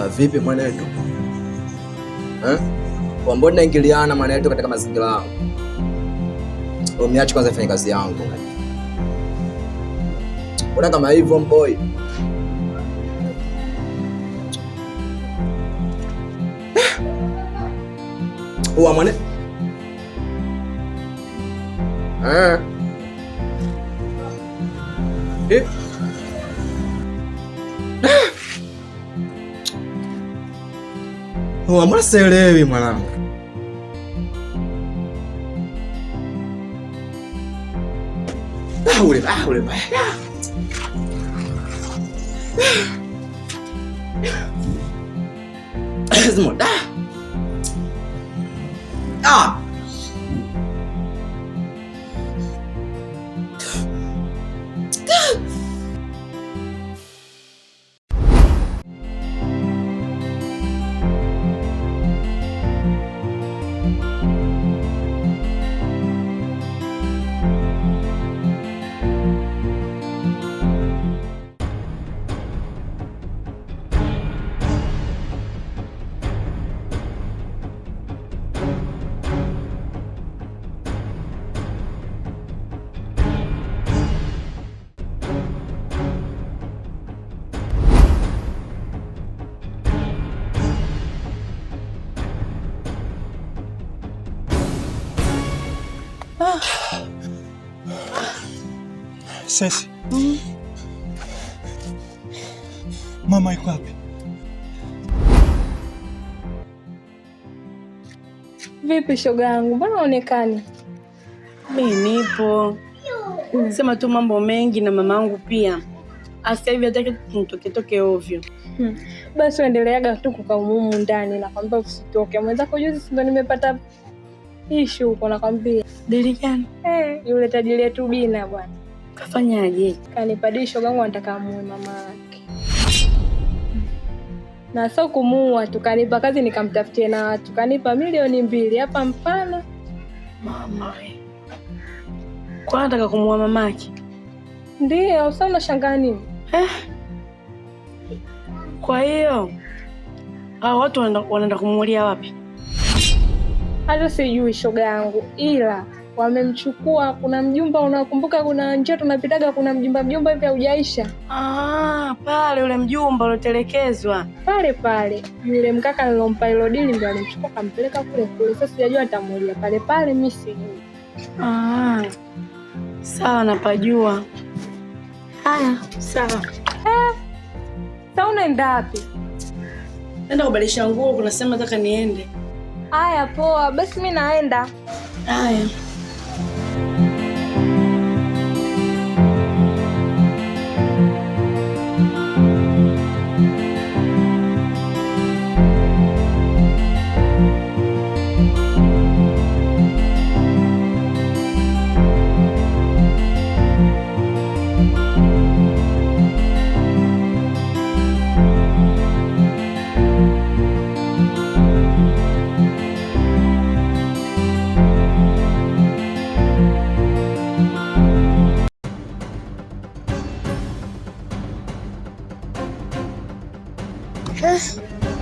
kwamba vipi mwanetu eh? Kwa mbona naingiliana mwanetu katika mazingira yangu? Umeacha kwanza fanya kazi yangu. Mbona kama hivyo mboi? Eh? Uwa mwane eh. Eh. Oh, mbona sielewi mwanangu? Ah, ule ah, ule baya. Ah. Ah. Sesi. Mm. Mama yuko wapi? Vipi shoga yangu, mbona haonekani? Mimi nipo mm. Sema tu mambo mengi na mamangu pia, hasa hivi hataki tumtoketoke ovyo mm. Basi uendeleaga tu kukaa humu ndani, nakwambia usitoke. Mwenzako juzi sindo nimepata ishu huko, nakwambia Dili gani? Eh, yule tajiri yetu Bina bwana. Kafanyaje? Kanipa shoga yangu anataka muue mama yake. Na sio kumuua tu, kazi nikamtafutie na watu. Kanipa milioni mbili hapa mfano. Mama. Kwa anataka kumuua mamake? Ndio, sasa unashangaa nini? Eh. Kwa hiyo hao watu wanaenda kumuulia wapi? Hata sijui shoga yangu ila wamemchukua. Kuna mjumba, unakumbuka, kuna njia tunapitaga, kuna mjumba mjumba hivi haujaisha. Ah, pale ule mjumba uliotelekezwa pale pale, yule mkaka nilompa ilo dili ndio alimchukua kampeleka kule kule. Sasa sijajua atamulia pale pale, mimi sijui. Ah, sawa, napajua. Haya, sawa. Eh, sasa unaenda wapi? Naenda kubadilisha nguo, kunasema nataka niende. Haya, poa, basi mi naenda. Haya.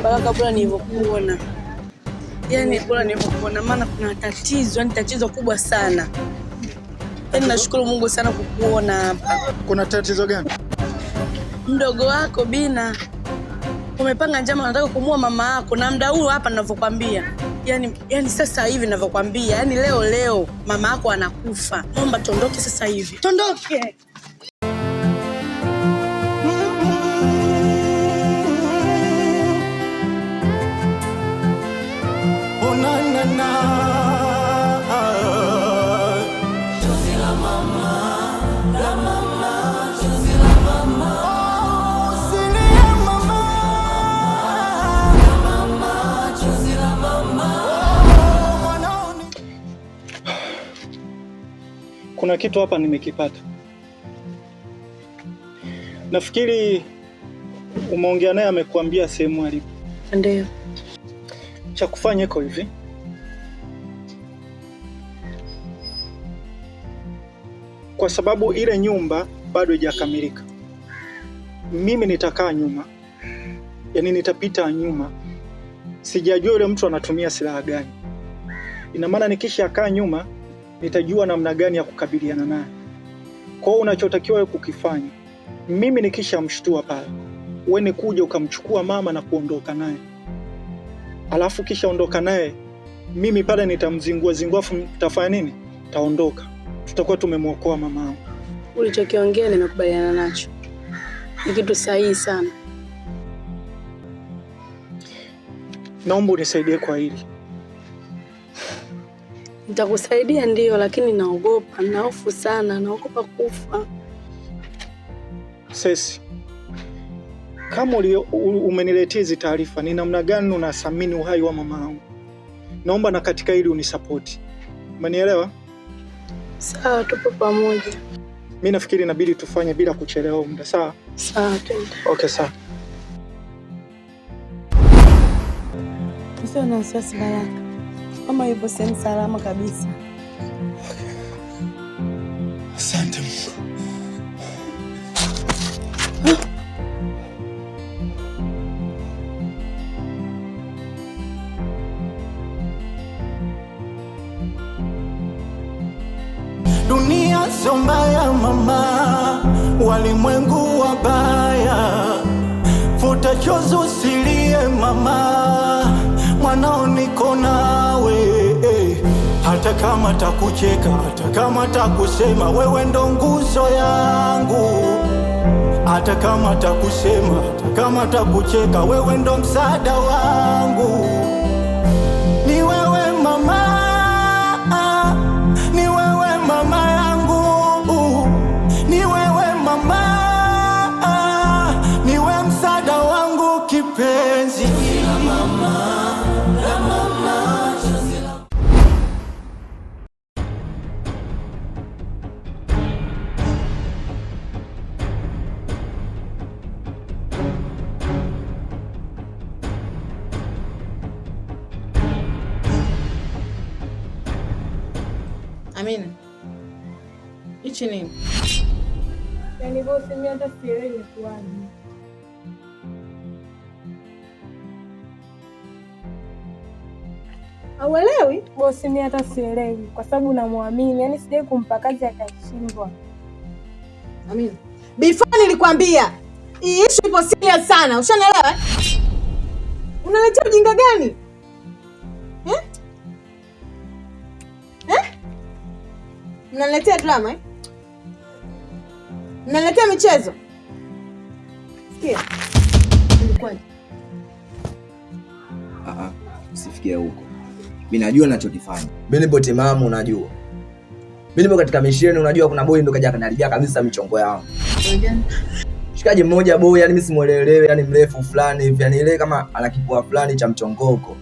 mpaka kabla nilivyokuona, yani bora nilivyokuona, maana kuna tatizo, yani tatizo kubwa sana. Yani nashukuru Mungu sana kukuona hapa. Kuna tatizo gani? Mdogo wako Bina umepanga njama, nataka kumua mama yako, na mda huu hapa ninavyokwambia, yani, yani sasa hivi ninavyokwambia, yani leo leo mama yako anakufa. Naomba tondoke sasa hivi, tondoke. kuna kitu hapa nimekipata. Nafikiri umeongea naye, amekuambia sehemu alipo. Ndio. Cha kufanya iko hivi, kwa sababu ile nyumba bado haijakamilika, mimi nitakaa nyuma, yaani nitapita nyuma. Sijajua yule mtu anatumia silaha gani. Ina maana nikisha kaa nyuma nitajua namna gani ya kukabiliana naye. Kwa hiyo unachotakiwa kukifanya, mimi nikishamshtua pale, we ni kuja ukamchukua mama na kuondoka naye, alafu kisha ondoka naye, mimi pale nitamzingua zingua, afu tafanya nini? Taondoka, tutakuwa tumemwokoa mama wangu. Ulichokiongea nimekubaliana nacho, ni kitu sahihi sana. Naomba unisaidie kwa hili Nitakusaidia ndio lakini naogopa, naofu sana, naogopa kufa. Sesi, kama umeniletea hizi taarifa, ni namna gani unathamini uhai wa mama yangu? Naomba na katika hili unisapoti, umenielewa? Sawa, tupo pamoja. Mi nafikiri inabidi tufanye bila kuchelewa muda, sawa? Sawa, twende. Okay, sawa. Usiwe na wasiwasi Baraka. Mama yupo sehemu salama kabisa. Asante Mungu. Dunia sio mbaya mama, walimwengu wabaya. Futa chozo silie mama, mwanao niko kama takucheka, hata kama takusema, wewe ndo nguzo yangu. Hata kama takusema, hata kama takucheka, wewe ndo msaada wangu. uchi nini? Yaani bosi, mimi hata sielewi imekuwaje. Auelewi bosi, mimi hata sielewi kwa sababu namwamini, yaani sijai kumpa kazi akashindwa. Amina, before nilikwambia hii issue ipo serious sana, ushanielewa? Eh? Unaletea ujinga gani? Eh? Eh? Mnaletea drama eh? Naletea michezo. Sikia. Ah ah, usifikie huko. Mimi najua ninachokifanya. Mimi nipo timamu unajua. Mimi nipo katika misheni unajua kuna boy ndo kaja kanaribia kabisa michongo yao Shikaji mmoja boy, yani mimi simuelelewe, yani mrefu fulani hivi, yani ile kama ana kipua fulani cha mchongoko.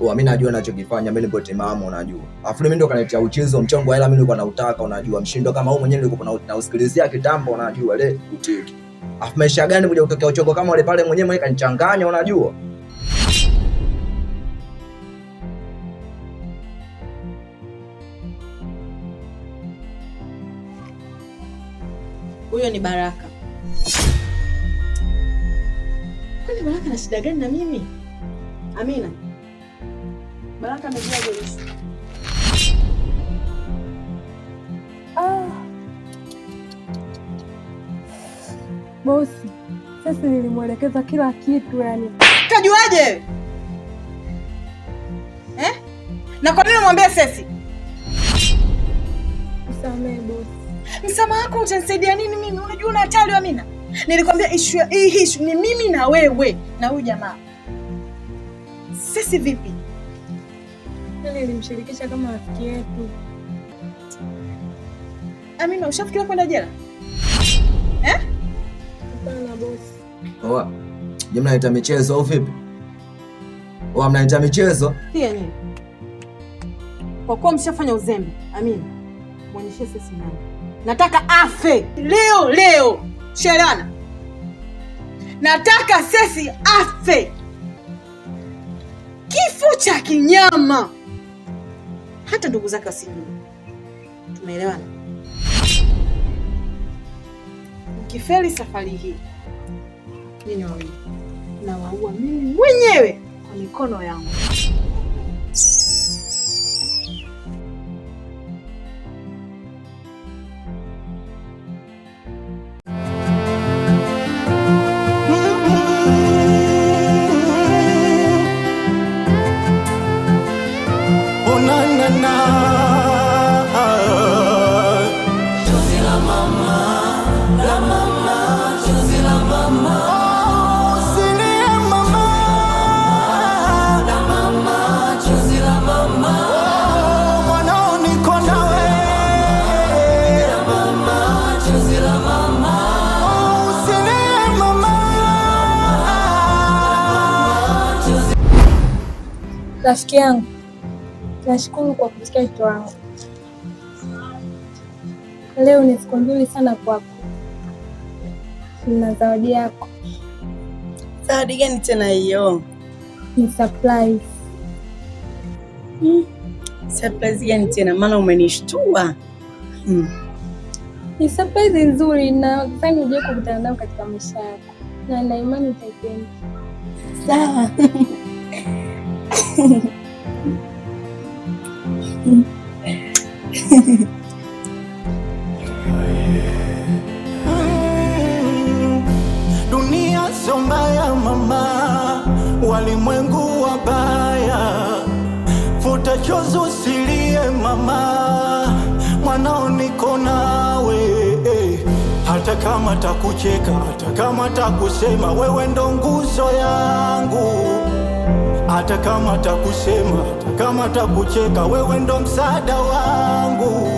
oh, mimi najua ninachokifanya, mimi nilipo timamu unajua. Alafu mimi ndo kaniletea uchezo, mchango hela mimi nilikuwa nautaka unajua. Mshindo kama wewe mwenyewe nilikuwa usikilizia kitambo unajua ile utiki. Alafu maisha gani kuja kutokea uchongo kama wale pale mwenyewe mwenyewe kanichanganya unajua. Huyo ni Baraka. Kwani Baraka na shida gani na mimi? Amina. Baraka amejua Joyce. Ah. Bosi, sasa nilimwelekeza kila kitu yani. Kajuaje? Eh? Na kwa nini mwambie sesi? Msamehe bosi. Msamaha wako utanisaidia nini mimi? Unajua una hatari wa mina. Nilikwambia issue hii issue ni mimi na wewe na huyu jamaa. Sisi vipi? kwani ilimshirikisha kama rafiki yetu. Amina, ushafikiria kwenda jela? Eh? Hapana bosi. Oa, je, mnaita michezo au vipi? Oa, mnaita michezo? Pia nini? Kwa kuwa mshafanya uzembe, Amina, muonyeshe sisi nani. Nataka afe leo leo. Sherana. Nataka sisi afe kifo cha kinyama hata ndugu zake wasijue. Tumeelewana? Mkifeli safari hii, nyinyi wawili nawaua mimi mwenyewe kwa mikono yangu. Rafiki yangu, nashukuru kwa kusikia wito wangu. Leo ni siku nzuri sana kwako, na zawadi yako. Zawadi gani tena hiyo? Ni surprise. Hmm. Surprise gani tena? Maana umenishtua. Hmm. Ni surprise nzuri na fani ujue kukutana nao katika maisha yako, na naimani imani Sawa. Dunia sio mbaya mama, walimwengu wabaya. Futa chozo silie mama, mwanao niko nawe eh. hata kama takucheka, hata kama takusema, wewe ndo nguzo yangu hata kama takusema, hata kama takucheka, wewe ndo msaada wangu.